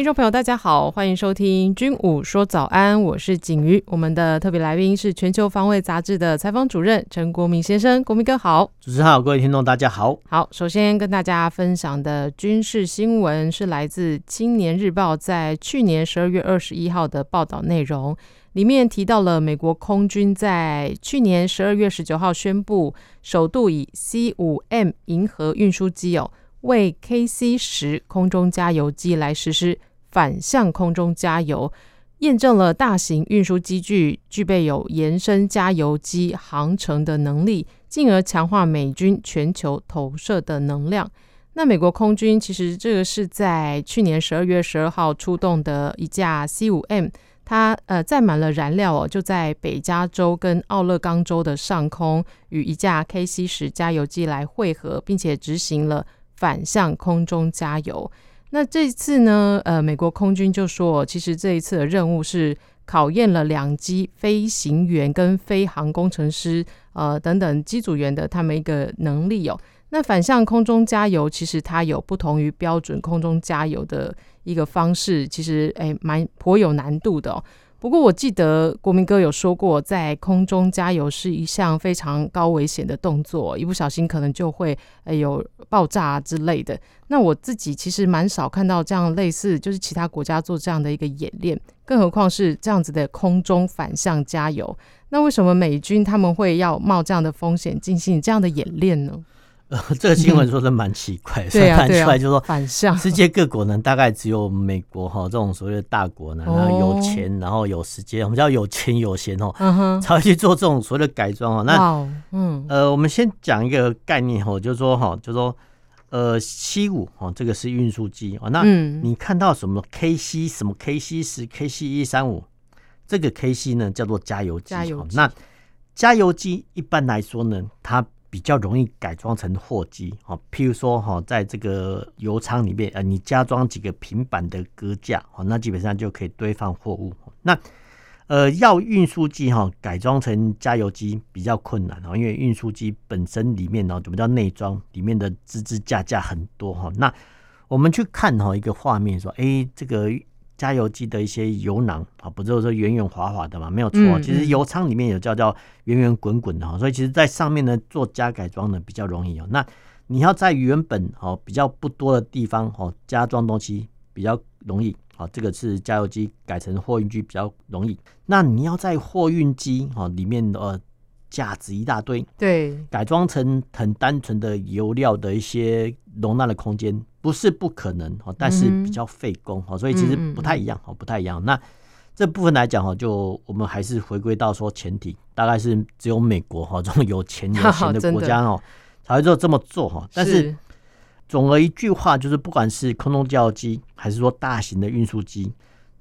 聽眾朋友，大家好，歡迎收聽《軍武說早安》，我是景瑜。我們的特別來賓是《全球防衛雜誌》的採訪主任陳國銘先生，國銘哥好！主持人好，各位聽眾大家好。好，首先跟大家分享的軍事新聞是來自《青年日報》在去年十二月二十一號的報道內容，裡面提到了美國空軍在去年十二月十九號宣布，首度以 C 五 M 銀河運輸機哦為 KC 十空中加油機來實施。反向空中加油，驗證了大型運輸機具具備有延伸加油機航程的能力，進而強化美軍全球投射的能量。那美國空軍其實這個是在去年十二月十二號出動的一架 C 五 M，它呃載滿了燃料哦，就在北加州跟奧勒岡州的上空，與一架 KC 十加油機來匯合，並且執行了反向空中加油。那這一次呢，呃，美國空軍就說，其實這一次的任務是考驗了兩機飛行員跟飛航工程師，呃，等等機組員的他們一個能力哦。那反向空中加油，其實它有不同於標準空中加油的一個方式，其實哎，蠻頗有難度的哦。不過我記得國銘哥有說過，在空中加油是一項非常高危險的動作，一不小心可能就會哎、有爆炸之類的。那我自己其實蠻少看到這樣類似，就是其他國家做這樣的一個演練，更何況是這樣子的空中反向加油。那為什麼美軍他們會要冒這樣的風險進行這樣的演練呢？呃，這個新聞說的蠻奇怪，說蠻奇怪，就是說，世界各國呢，大概只有美國哈這種所謂的大國呢，然後有錢，然後有時間，哦，我們叫有錢有閒哦，嗯哼，才會去做這種所謂的改裝哦。那，哦、嗯，呃，我們先講一個概念哦，就是說哈，就是說，呃，C5 哦，這個是運輸機哦，那你看到什麼 KC 什麼 KC 十 KC 一三五，這個 KC 呢叫做加油機，加油機。好，那加油機，一般來說呢，它。比較容易改裝成貨機啊，譬如說哈，在這個油艙裡面啊，你加裝幾個平板的格架啊，那基本上就可以堆放貨物。那呃，要運輸機哈改裝成加油機比較困難啊，因為運輸機本身裡面呢怎麼叫內裝，裡面的支支架架很多哈。那我們去看哈一個畫面說，說、欸、誒，這個。加油機的一些油囊啊，不就是圓圓滑滑的嘛？沒有錯，其實油艙裡面有叫叫圓圓滾滾的哈，所以其實，在上面呢做加改裝呢比較容易哦。那你要在原本哦比較不多的地方哦加裝東西比較容易哦，這個是加油機改成貨運機比較容易。那你要在貨運機哦裡面的，呃，架子一大堆，對，改裝成很單純的油料的一些容納的空間。不是不可能，但是比較費工。嗯、嗯，所以其實不太一樣不太一樣。那這部分來講就我們還是回歸到說，前提大概是只有美國這種有錢有錢的國家哦才會做這麼做，但是總而一句話就是，不管是空中加油機還是說大型的運輸機，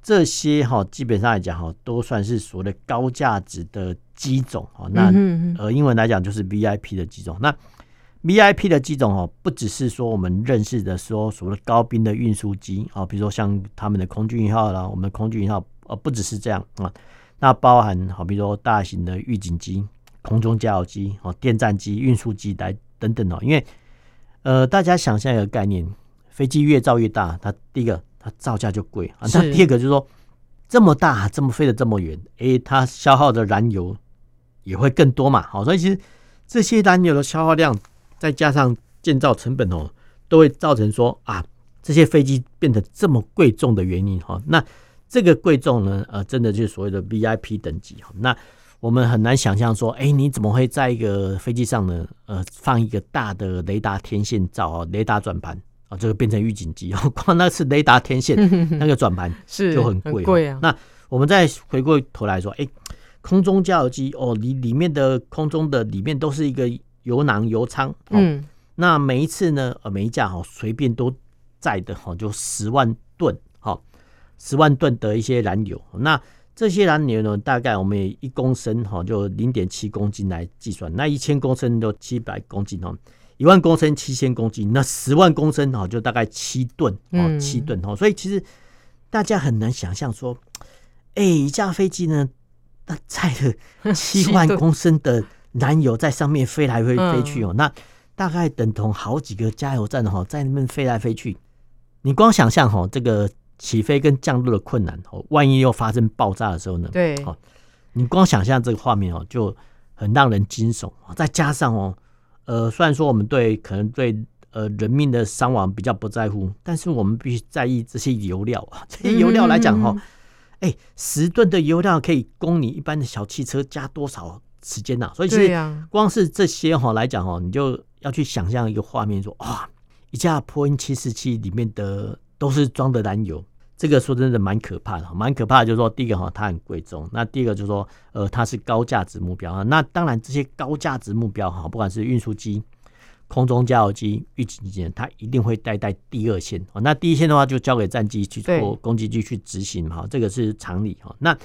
這些基本上來講都算是所謂的高價值的機種啊。那呃，英文來講就是 VIP 的機種那。VIP 的機種哦，不只是說我們認識的說所謂的高冰的運輸機哦，比如說像他們的空軍一號啦，我們的空軍一號哦，不只是這樣啊，那包含好比如說大型的預警機、空中加油機、哦電戰機、運輸機來等等哦，因為呃大家想象一個概念，飛機越造越大，它第一個它造價就貴啊，那第二個就是說這麼大這麼飛得這麼遠，哎、欸、它消耗的燃油也會更多嘛，好所以其實這些燃油的消耗量。再加上建造成本哦，都會造成說啊，這些飛機變得這麼貴重的原因哈。那這個貴重呢，呃，真的就是所謂的 VIP 等級哈。那我們很難想象說，哎、欸，你怎麼會在一個飛機上呢？呃，放一個大的雷達天線罩、雷達轉盤啊，這個變成預警機哦，光那是雷達天線 那個轉盤是就很貴 啊。那我們再回過頭來說，哎、欸，空中加油機哦，裡裡面的空中的裡面都是一個。油囊油艙，嗯，那每一次呢，呃，每一架哈隨便都載的哈就十萬噸哈，十萬噸的一些燃油。那這些燃油呢，大概我們也一公升哈就零點七公斤來計算，那一千公升就七百公斤哦，一萬公升七千公斤，那十萬公升哦就大概七噸哦，七噸哦。所以其實大家很難想象說，哎，一架飛機呢，它載了七萬公升的。嗯燃油，在上面飛來飛飛去哦，嗯、那大概等同好幾個加油站哈，在那邊飛來飛去。你光想象哈，這個起飛跟降落的困難，哦，萬一又發生爆炸的時候呢？對，你光想象這個畫面哦，就很讓人驚悚。再加上哦，呃，雖然說我們對可能對呃人命的傷亡比較不在乎，但是我們必須在意這些油料啊。這些油料來講哈，哎、嗯欸，十噸的油料可以供你一般的小汽車加多少？時間吶、啊，所以是，光是這些哈來講哈，你就要去想象一個畫面說，說哇，一架波音七四七裡面的都是裝的燃油，這個說真的蠻可怕的，蠻可怕的。就是說，第一個哈，它很貴重；那第二個就是說，呃，它是高價值目標啊。那當然，這些高價值目標哈，不管是運輸機、空中加油機、預警機，它一定會待在第二線。那第一線的話，就交給戰機去做攻擊機去執行哈對，這個是常理哈。那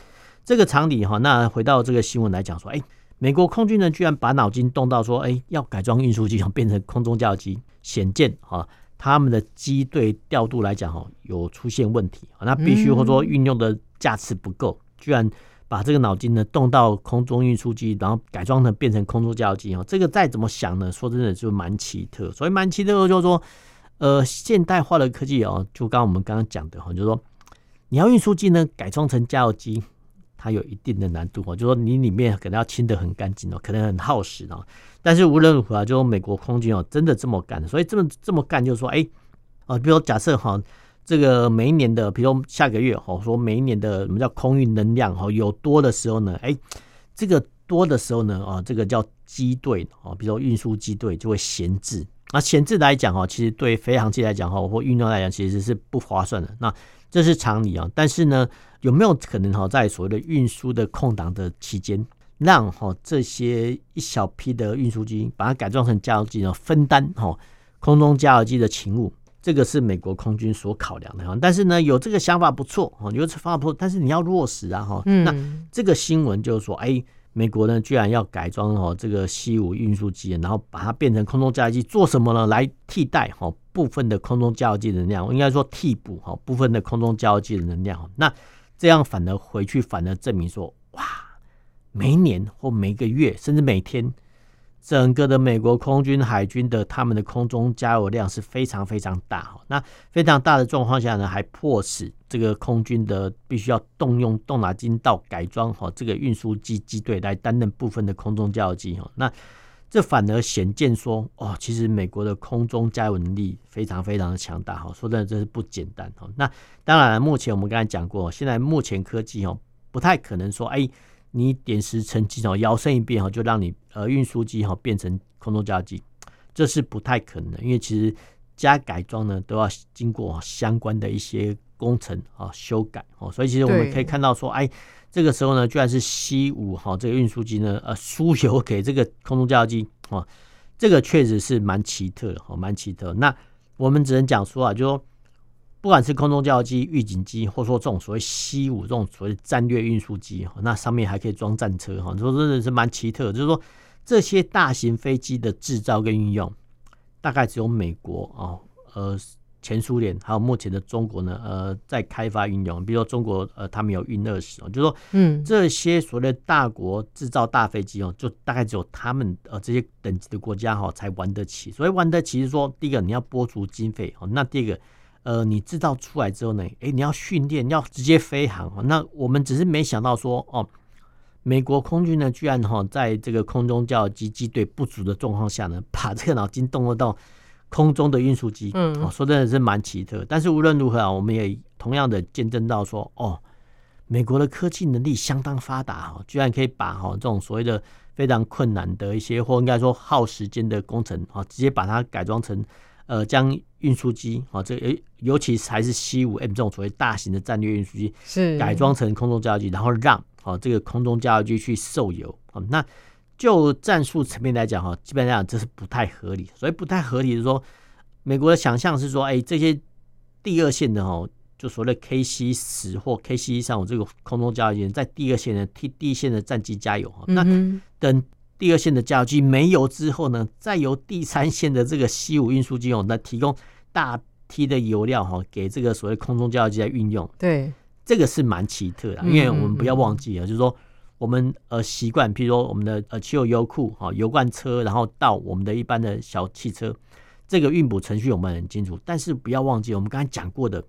這個常理哈，那回到這個新聞來講說，哎、欸。美國空軍呢居然，把腦筋動到說，哎、欸，要改裝運輸機，想變成空中加油機，顯見啊、哦，他們的機隊調度來講哦，有出現問題啊、哦，那必須或者說運用的價值不夠，嗯，居然把這個腦筋呢動到空中運輸機，然後改裝成變成空中加油機哦，這個再怎麼想呢，說真的就蠻奇特，所以蠻奇特的就是說，呃，現代化的科技哦，就剛我們剛剛講的哈，就是說，你要運輸機呢改裝成加油機。它有一定的難度哦，就是說你裡面可能要清得很乾淨哦，可能很耗時。但是無論如何啊，就說美國空軍哦，真的這麼幹。所以這麼這麼幹，就是說哎，啊、欸，比如說假設哈，這個每一年的，比如說下個月哈，說每一年的什麼叫空運能量哈，有多的時候呢？哎、欸，這個多的時候呢，啊，這個叫機隊啊，比如說運輸機隊就會閒置。那閒置來講哈，其實對飛行器來講哈，或運動來講，其實是不划算的。那這是常理啊、哦，但是呢，有沒有可能哈、哦，在所謂的運輸的空檔的期間，讓哈、哦、這些一小批的運輸機把它改裝成加油機呢？分擔哈、哦、空中加油機的勤務？這個是美國空軍所考量的哈。但是呢，有這個想法不錯哈，有這個想法不錯，但是你要落實啊哈。哦嗯、那這個新聞就是說，哎。美國呢，居然要改裝哦這個 C 5運輸機，然後把它變成空中加油機，做什麼呢？來替代哦部分的空中加油機能量，應該說替補哦部分的空中加油機的能量。那這樣反而回去，反而證明說，哇，每年或每個月，甚至每天。整個的美國空軍、海軍的他們的空中加油量是非常非常大哈，那非常大的狀況下呢，還迫使這個空軍的必須要動用動腦筋到改裝哈這個運輸機機隊來擔任部分的空中加油機。那這反而顯見說哦，其實美國的空中加油能力非常非常的強大哈，說真的真是不簡單。那當然，目前我們剛才講過，現在目前科技哦不太可能說哎。誒你點石成金哦，搖身一變哈，就讓你呃運輸機哈變成空中加油機，這是不太可能的，因為其實加改裝呢都要經過相關的一些工程啊修改哦，所以其實我們可以看到說，對哎，這個時候呢居然是 C 五哈這個運輸機呢呃輸油給這個空中加油機哦，這個確實是蠻奇特的哦，蠻奇特。那我們只能講說啊，就說。不管是空中加油機、預警機，或說這種所謂 C-5 這種所謂戰略運輸機，那上面還可以裝戰車哈，說真的是蠻奇特的。就是說，這些大型飛機的制造跟運用，大概只有美國啊，呃，前蘇聯，還有目前的中國呢，呃，在開发運用。比如說中國，呃，他們有運二十，就是說，這些所謂的大國制造大飛機哦，嗯、就大概只有他們呃這些等級的國家哈，才玩得起。所以玩得起，是說第一個你要撥足經費哦，那第二個。呃，你製造出來之後呢？哎、欸，你要訓練，你要直接飛航。那我們只是沒想到說，哦，美國空軍呢，居然哈在這個空中加油機機隊不足的狀況下呢，把這個腦筋動了到空中的運輸機，嗯，說真的是蠻奇特。但是無論如何啊，我們也同樣的見證到說，哦，美國的科技能力相當發達哦，居然可以把哈這種所謂的非常困難的一些或應該說耗時間的工程啊，直接把它改裝成。呃，將運輸機啊，這誒、個，尤其是還是 C 五 M 這種所謂大型的戰略運輸機，是改裝成空中加油機，然後讓啊、哦、這個空中加油機去受油啊、哦。那就戰術層面來講哈，基本上這是不太合理，所以不太合理的說，美國的想象是說，哎，這些第二線的哦，就所謂 KC 十或 KC 一三五這個空中加油機，在第二線的替第一線的戰機加油啊。那、嗯、哼等。第二線的加油機沒油之後呢，再由第三線的這個 C 五運輸機用。那提供大批的油料哈，給這個所謂空中加油機來運用。對，這個是蠻奇特的，因為我們不要忘記啊，就是說我們呃習慣，譬如說我們的呃汽油油庫哈、油罐車，然後到我們的一般的小汽車，這個運補程序，我們很清楚。但是不要忘記，我們剛才講過的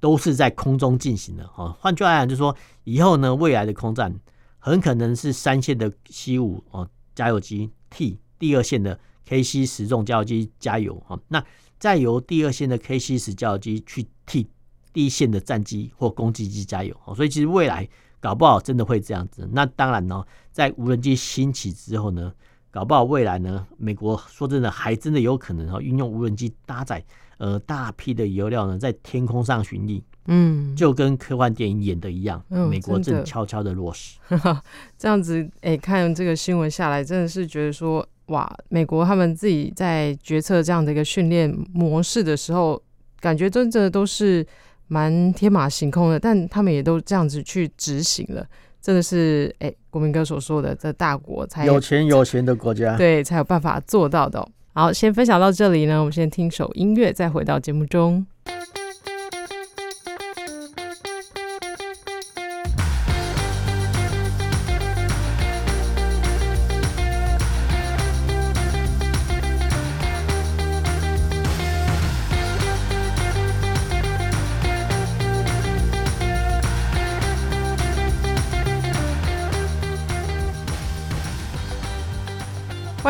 都是在空中進行的哈。換句話來講，就是說以後呢，未來的空戰很可能是三線的 C 五哦。加油機替第二線的 KC 10重加油機加油哈，那再由第二線的 KC 10加油機去替第一線的戰機或攻擊機加油，所以其實未來搞不好真的會這樣子。那當然呢，在無人機興起之後呢，搞不好未來呢，美國說真的還真的有可能啊，運用無人機搭載。呃，大批的油料呢，在天空上巡弋。嗯，就跟科幻電影演的一樣。嗯，美國正悄悄的落實。嗯、 這樣子，哎、欸，看這個新聞下來，真的是覺得說，哇，美國他們自己在決策這樣的一個訓練模式的時候，感覺真的都是蠻天馬行空的。但他們也都這樣子去執行了，真的是，哎、欸，國銘哥所說的，這大國才有，有錢，有錢的國家，對，才有辦法做到的、哦。好，先分享到這裡呢。我們先聽首音樂，再回到節目中。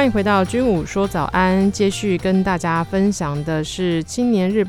歡迎回到軍武說早安，接續跟大家分享的是《青年日報》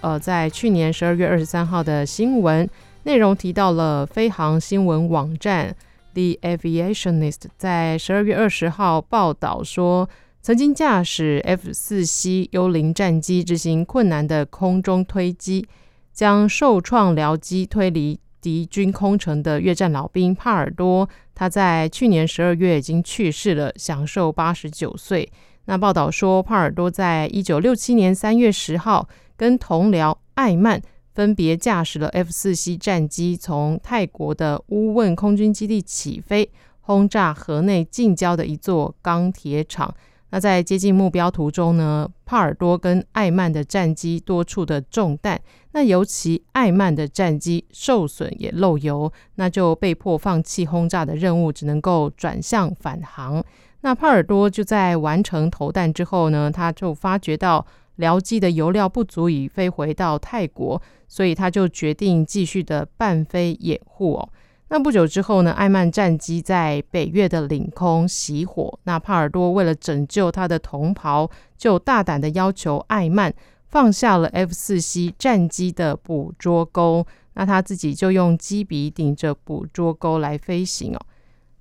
呃，在去年十二月二十三號的新聞，內容提到了飛航新聞網站 The Aviationist 在十二月二十號報道說，曾經駕駛 F 四 C 幽靈戰機執行困難的空中推機，將受創僚機推離。敵軍空城的越戰老兵帕爾多，他在去年十二月已經去世了，享壽八十九歲。那報道說，帕爾多在一九六七年三月十號，跟同僚艾曼分別駕駛了 F 四 C 戰機，從泰國的烏汶空軍基地起飛，轟炸河內近郊的一座鋼鐵廠。那在接近目標途中呢，帕爾多跟艾曼的戰機多處的中彈，那尤其艾曼的戰機受損也漏油，那就被迫放棄轟炸的任務，只能夠轉向返航。那帕爾多就在完成投彈之後呢，他就發覺到僚機的油料不足以飛回到泰國，所以他就決定繼續的伴飛掩護哦。那不久之後呢，艾曼戰機在北越的領空熄火。那帕爾多為了拯救他的同袍，就大膽的要求艾曼放下了 F-4C 戰機的捕捉鈎。那他自己就用機鼻頂着捕捉鈎來飛行哦。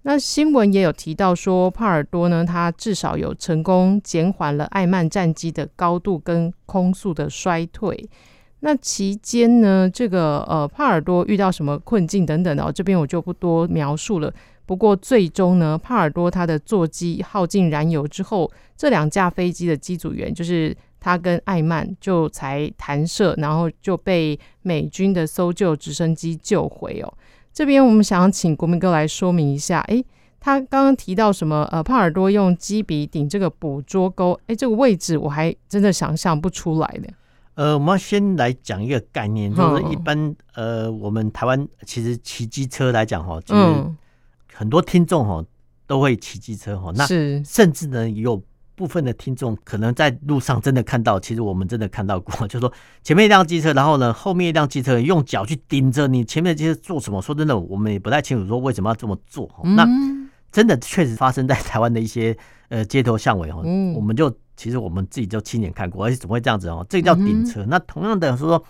那新聞也有提到說，帕爾多呢，他至少有成功減緩了艾曼戰機的高度跟空速的衰退。那期間呢，這個呃帕爾多遇到什麼困境等等的哦，這邊我就不多描述了。不過最終呢，帕爾多他的座機耗盡燃油之後，這兩架飛機的機組員就是他跟艾曼就才彈射，然後就被美軍的搜救直升機救回哦。這邊我們想要請國銘哥來說明一下，哎，他剛剛提到什麼呃帕爾多用機鼻頂這個捕捉鈎，哎，這個位置我還真的想象不出來呢。呃，我們要先來講一個概念，就是一般呃，我們台灣其實騎機車來講哈，就是很多聽眾哈都會騎機車哈，那甚至呢有部分的聽眾可能在路上真的看到，其實我們真的看到過，就是說前面一輛機車，然後呢後面一輛機車用腳去頂着你前面的機車做什麼？說真的，我們也不太清楚說為什麼要這麼做哈。那真的確實發生在台灣的一些呃街頭巷尾哈，嗯，我們就。其實我們自己就親眼看過，而、欸、且怎麼會這樣子啊、喔？這個、叫頂車。嗯、哼那同樣的說，說，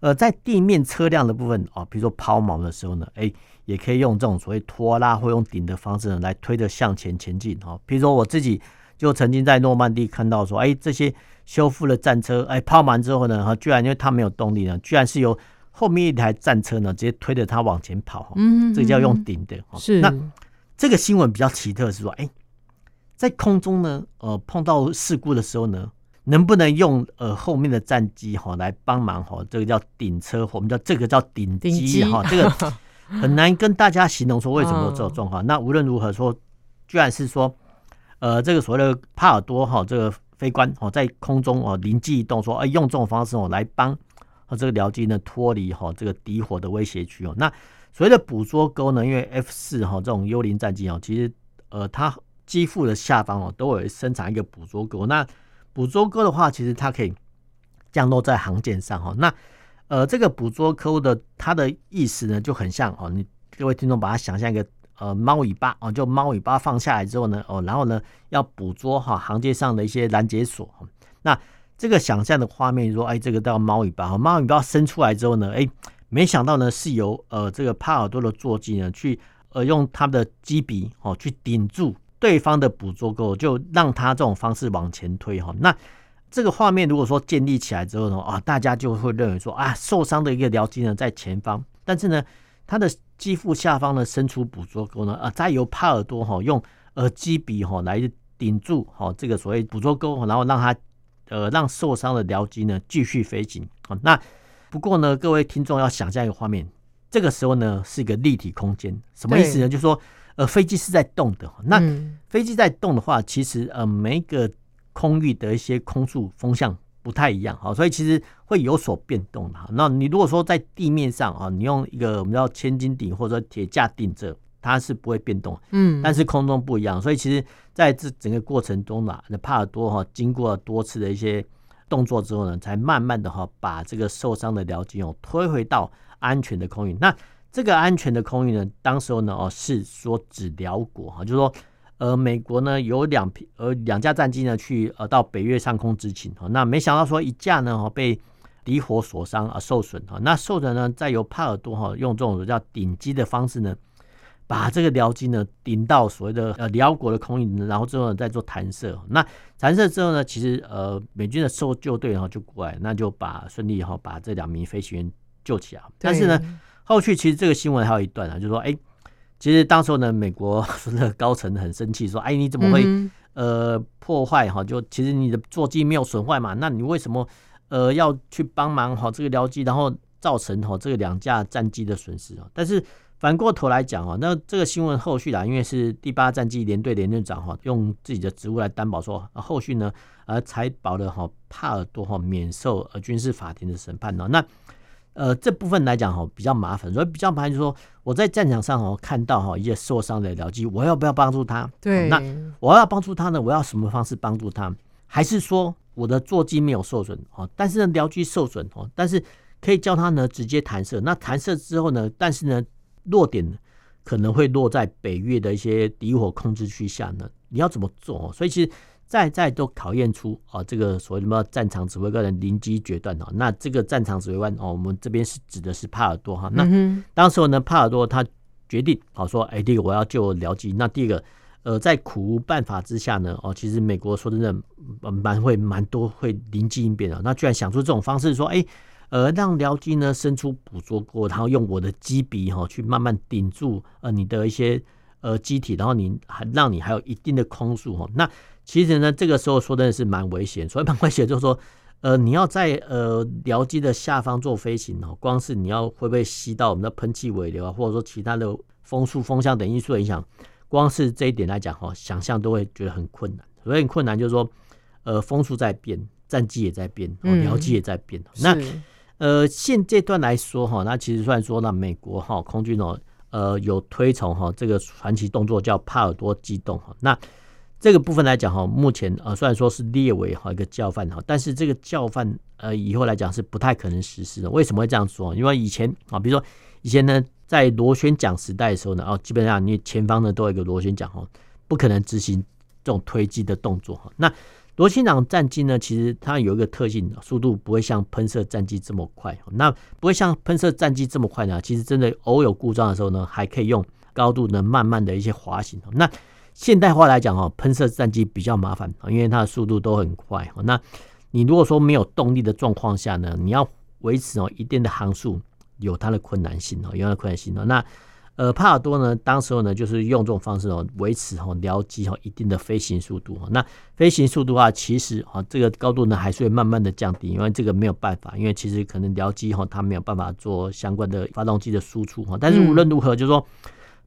呃，在地面車輛的部分啊、喔，比如說拋錨的時候呢，哎、欸，也可以用這種所謂拖拉或用頂的方式呢，來推着向前前進啊、喔。比如說我自己就曾經在諾曼底看到說，哎、欸，這些修復了戰車，哎、欸，拋完之後呢，哈，居然因為它沒有動力呢，居然是由後面一台戰車呢直接推着它往前跑、喔。嗯，哼嗯哼，這叫用頂的、喔。是那這個新聞比較奇特是說，哎、欸。在空中呢，呃，碰到事故的時候呢，能不能用呃後面的戰機哈、哦，來幫忙哈、哦？這個叫頂車，我們叫這個叫頂機哈。這個很難跟大家形容說為什麼有這種狀況。那無論如何說，居然是說，呃，這個所謂的帕爾多哈、哦，這個飛官哦，在空中哦靈機一動說，說、呃、哎用這種方式哦來幫啊、哦、這個僚機呢脫離哈這個敵火的威脅區哦。那所謂的捕捉鈎呢，因為 F 四哈、哦、這種幽靈戰機哦，其實呃它，機腹的下方哦，都有生產一個捕捉鈎。那捕捉鈎的話，其實它可以降落在航艦上哈、哦。那呃，這個捕捉鈎的它的意思呢，就很像哦，你各位聽眾把它想象一個呃貓尾巴哦，就貓尾巴放下來之後呢，哦，然後呢要捕捉哈航艦上的一些攔截索、哦。那這個想象的畫面說，哎，這個叫貓尾巴哈，貓尾巴伸出來之後呢，哎，沒想到呢是由呃這個帕爾多的坐騎呢去呃用它的機鼻哦去頂住。對方的捕捉鈎就讓他這種方式往前推哈，那這個畫面如果說建立起來之後呢啊，大家就會認為說啊受傷的一個僚機呢在前方，但是呢他的機腹下方呢伸出捕捉鈎呢啊，再由帕爾多哈用耳機鼻哈來頂住哈這個所謂捕捉鈎，然後讓他呃讓受傷的僚機呢繼續飛行啊。那不過呢各位聽眾要想象一個畫面，這個時候呢是一個立體空間，什麼意思呢？就是說。呃，飛機是在動的那飛機在動的話，其實呃，每一個空域的一些空速、風向不太一樣，好、哦，所以其實會有所變動的。那你如果說在地面上啊，你用一個我們叫千斤頂或者說鐵架頂着，它是不會變動。嗯，但是空中不一樣，所以其實在這整個過程中呢、啊，那帕爾多哈經過多次的一些動作之後呢，才慢慢的哈把這個受傷的僚機推回到安全的空域。那這個安全的空域呢，當時候呢哦，是說指寮國哈，就是說呃美國呢有兩批呃兩架戰機呢去呃到北越上空執勤哈、哦，那沒想到說一架呢哈、哦、被敵火所傷而受損哈、哦，那受的呢再由帕爾多哈、哦、用這種叫頂機的方式呢，把這個僚機呢頂到所謂的呃寮國的空域，然後之後呢再做彈射。那彈射之後呢，其實呃美軍的搜救隊哈就過來，那就把順利哈把這兩名飛行員救起來，對但是呢。後續其實這個新聞還有一段啊，就是、說哎、欸，其實當時呢，美國說的高層很生氣，說哎、欸，你怎麼會呃破壞哈、啊？就其實你的座機沒有損壞嘛，那你為什麼呃要去幫忙哈、啊？這個僚機，然後造成哈、啊、這個兩架戰機的損失啊？但是反過頭來講啊，那這個新聞後續啊，因為是第八戰機聯隊聯隊長哈、啊，用自己的職務來擔保說，啊、後續呢，呃，才保了哈帕爾多哈、啊、免受軍事法庭的審判呢、啊。那呃，這部分來講哈比較麻煩，所以比較麻煩就是說，我在戰場上哦看到哈一些受傷的僚機，我要不要幫助他？對，那我要幫助他呢，我要什麼方式幫助他？還是說我的座機沒有受損哦，但是呢僚機受損哦，但是可以叫他呢直接彈射？那彈射之後呢，但是呢落點可能會落在北越的一些敵火控制區下呢，你要怎麼做？所以其實。在在都考驗出啊，這個所謂的什麼戰場指揮官的臨機決斷哦、啊。那這個戰場指揮官哦、啊，我們這邊是指的是帕爾多哈、啊。那、嗯、哼當時候呢，帕爾多他決定好、啊、說，哎，第一個我要救僚機。那第二個呃，在苦無辦法之下呢，哦、啊，其實美國說真的，呃、蠻會蠻多會臨機應變的、啊。那居然想出這種方式，說哎，呃，讓僚機呢伸出捕捉鈎，然後用我的機鼻哈去慢慢頂住呃、啊、你的一些。呃，機體，然後你還讓你還有一定的空速、哦、那其實呢，這個時候說真的是蠻危險。所以，蠻危險，就是說，呃，你要在呃僚機的下方做飛行哦，光是你要會不會吸到我們的噴氣尾流啊，或者說其他的風速、風向等因素的影響，光是這一點來講、哦、想象都會覺得很困難。所以，很困難就是說，呃，風速在變，戰機也在變，哦、僚機也在變。嗯、那是呃，現階段來說、哦、那其實雖然說那美國哈、哦、空軍、哦呃，有推崇哈這個傳奇動作叫帕爾多機動哈。那這個部分來講哈，目前呃雖然說是列為哈一個教範哈，但是這個教範呃以後來講是不太可能實施的。為什麼會這樣說？因為以前啊，比如說以前呢，在螺旋槳時代的時候呢，啊基本上你前方呢都有一個螺旋槳哦，不可能執行這種推機的動作哈。那螺旋槳戰機呢，其實它有一個特性，速度不會像噴射戰機這麼快。那不會像噴射戰機這麼快呢，其實真的偶有故障的時候呢，還可以用高度呢慢慢的一些滑行。那現代化來講哦，噴射戰機比較麻煩，因為它的速度都很快。那你如果說沒有動力的狀況下呢，你要維持哦一定的航速，有它的困難性哦，有它的困難性哦。那呃，帕爾多呢，當時候呢，就是用這種方式哦、喔，維持哦僚機哦一定的飛行速度哈、喔。那飛行速度的話，其實啊、喔，這個高度呢，還是會慢慢的降低，因為這個沒有辦法，因為其實可能僚機哈，它沒有辦法做相關的發動機的輸出哈、喔。但是無論如何，嗯、就是說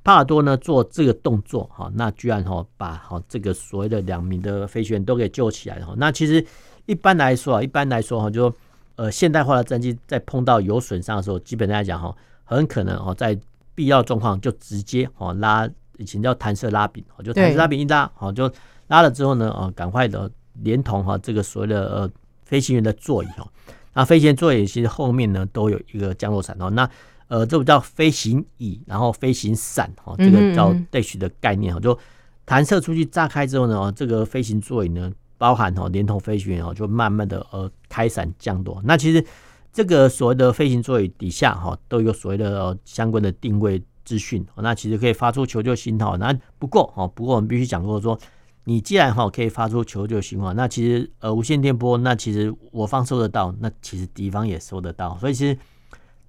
帕爾多呢做這個動作哈、喔，那居然哈、喔、把哈這個所謂的兩名的飛行員都給救起來了、喔、哈。那其實一般來說啊、喔，一般來說哈、喔，就說呃現代化的戰機在碰到有損傷的時候，基本上來講哈、喔，很可能哦、喔、在必要狀況就直接哦，拉以前叫彈射拉柄，就彈射拉柄一拉，好，就拉了之後呢，哦趕快的連同哈這個所謂的呃飛行員的座椅哈，那飛行員座椅其實後面呢都有一個降落傘哦，那呃這不叫飛行椅，然後飛行傘哈，這個叫 dech 的概念哈，就彈射出去炸開之後呢，這個飛行座椅呢包含哈連同飛行員哦，就慢慢的呃開傘降落。那其實。這個所謂的飛行座椅底下哈，都有所謂的相關的定位資訊，那其實可以發出求救信號。那不過哈，不過我們必須講過說，你既然哈可以發出求救信號，那其實呃無線電波，那其實我方收得到，那其實敵方也收得到。所以其實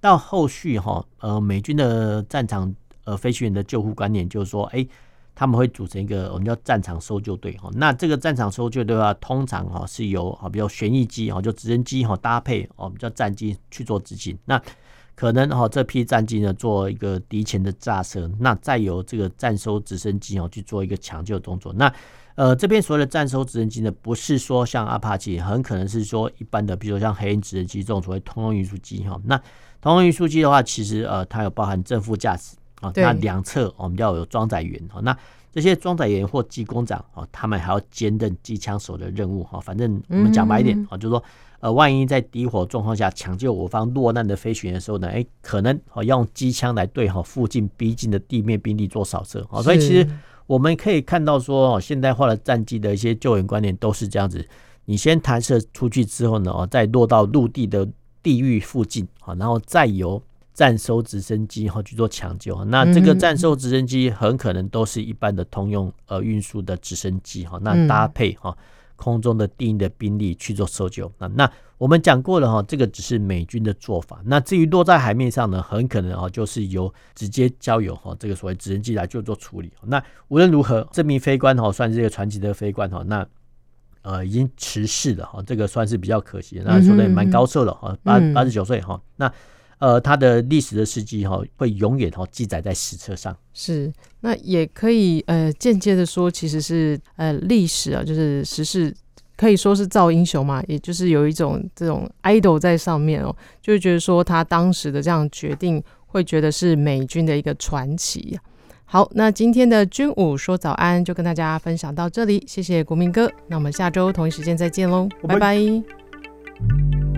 到後續哈，呃美軍的戰場呃飛行員的救護觀念就是說，哎。他們會組成一個我們叫戰場搜救隊哈，那這個戰場搜救隊的話，通常哈是由啊比較旋翼機啊就直升機哈搭配哦我們叫戰機去做執行。那可能哈這批戰機呢做一個敵前的炸射，那再由這個戰搜直升機哦去做一個搶救動作。那呃這邊所謂的戰搜直升機呢，不是說像阿帕奇，很可能是說一般的，比如說像黑鷹直升機這種所謂通用運輸機哈。那通用運輸機的話，其實呃它有包含正副駕駛。啊，那兩側我們要有裝載員啊，那這些裝載員或機工長啊，他們還要兼任機槍手的任務啊。反正我們講白一點啊，就是說，呃，萬一在敵火狀況下搶救我方落難的飛行員的時候呢，哎、欸，可能哦用機槍來對哈附近逼近的地面兵力做掃射啊。所以其實我們可以看到說，現代化的戰機的一些救援觀念都是這樣子：你先彈射出去之後呢，哦，再落到陸地的地域附近啊，然後再由。戰收直升機哈去做搶救，那這個戰收直升機很可能都是一般的通用呃運輸的直升機哈，那搭配哈空中的定義的兵力去做搜救。那那我們講過了哈，這個只是美軍的做法。那至於落在海面上呢，很可能啊就是由直接交由哈，這個所謂直升機來就做處理。那無論如何，這名飛官哈算是這個傳奇的飛官哈，那呃已經辭世了哈，這個算是比較可惜。那說蠻的也蠻高壽了哈，八八十九歲哈那。呃，他的歷史的事蹟哈、哦，會永遠哈、哦、記載在史冊上。是，那也可以呃間接的說，其實是呃歷史啊，就是時事可以說是造英雄嘛，也就是有一種這種 idol 在上面哦，就是覺得說他當時的這樣決定，會覺得是美軍的一個傳奇。好，那今天的軍武說早安就跟大家分享到這裡，謝謝國銘哥，那我們下周同一時間再見嘍，拜拜。